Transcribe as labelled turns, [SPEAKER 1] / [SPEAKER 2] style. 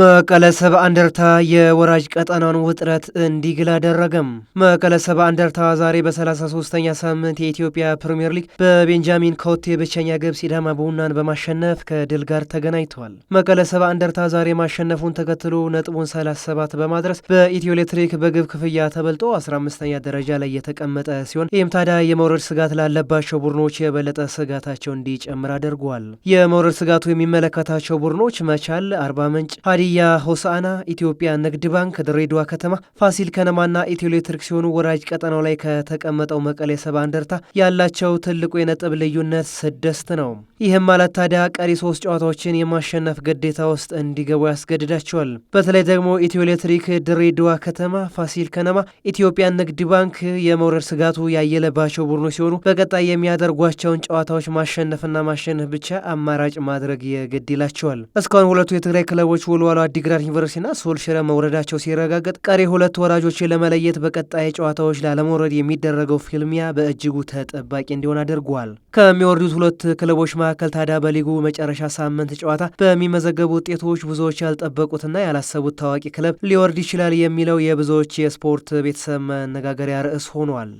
[SPEAKER 1] መቀለ ሰብ አንደርታ የወራጅ ቀጠናን ውጥረት እንዲግል አደረገም። መቀለ ሰብ አንደርታ ዛሬ በ33ኛ ሳምንት የኢትዮጵያ ፕሪምየር ሊግ በቤንጃሚን ኮቴ ብቸኛ ግብ ሲዳማ ቡናን በማሸነፍ ከድል ጋር ተገናኝተዋል። መቀለ ሰብ አንደርታ ዛሬ ማሸነፉን ተከትሎ ነጥቡን 37 በማድረስ በኢትዮ ኤሌክትሪክ በግብ ክፍያ ተበልጦ 15ኛ ደረጃ ላይ የተቀመጠ ሲሆን ይህም ታዲያ የመውረድ ስጋት ላለባቸው ቡድኖች የበለጠ ስጋታቸው እንዲጨምር አድርጓል። የመውረድ ስጋቱ የሚመለከታቸው ቡድኖች መቻል፣ አርባ ምንጭ ሀዲያ ሆሳዕና፣ ኢትዮጵያ ንግድ ባንክ፣ ድሬዳዋ ከተማ፣ ፋሲል ከነማና ኢትዮ ኤሌክትሪክ ሲሆኑ ወራጅ ቀጠናው ላይ ከተቀመጠው መቀሌ ሰባ እንደርታ ያላቸው ትልቁ የነጥብ ልዩነት ስድስት ነው። ይህም ማለት ታዲያ ቀሪ ሶስት ጨዋታዎችን የማሸነፍ ግዴታ ውስጥ እንዲገቡ ያስገድዳቸዋል። በተለይ ደግሞ ኢትዮ ኤሌክትሪክ፣ ድሬዳዋ ከተማ፣ ፋሲል ከነማ፣ ኢትዮጵያ ንግድ ባንክ የመውረድ ስጋቱ ያየለባቸው ቡድኖች ሲሆኑ በቀጣይ የሚያደርጓቸውን ጨዋታዎች ማሸነፍና ማሸነፍ ብቻ አማራጭ ማድረግ የግድ ይላቸዋል። እስካሁን ሁለቱ የትግራይ ክለቦች ወልዋሎ አዲግራት ዩኒቨርሲቲና ሶልሽረ መውረዳቸው ሲረጋገጥ ቀሪ ሁለት ወራጆችን ለመለየት በቀጣይ ጨዋታዎች ላለመውረድ የሚደረገው ፊልሚያ በእጅጉ ተጠባቂ እንዲሆን አድርጓል። ከሚወርዱት ሁለት ክለቦች መካከል ታዲያ በሊጉ መጨረሻ ሳምንት ጨዋታ በሚመዘገቡ ውጤቶች ብዙዎች ያልጠበቁትና ያላሰቡት ታዋቂ ክለብ ሊወርድ ይችላል የሚለው የብዙዎች የስፖርት ቤተሰብ መነጋገሪያ ርዕስ ሆኗል።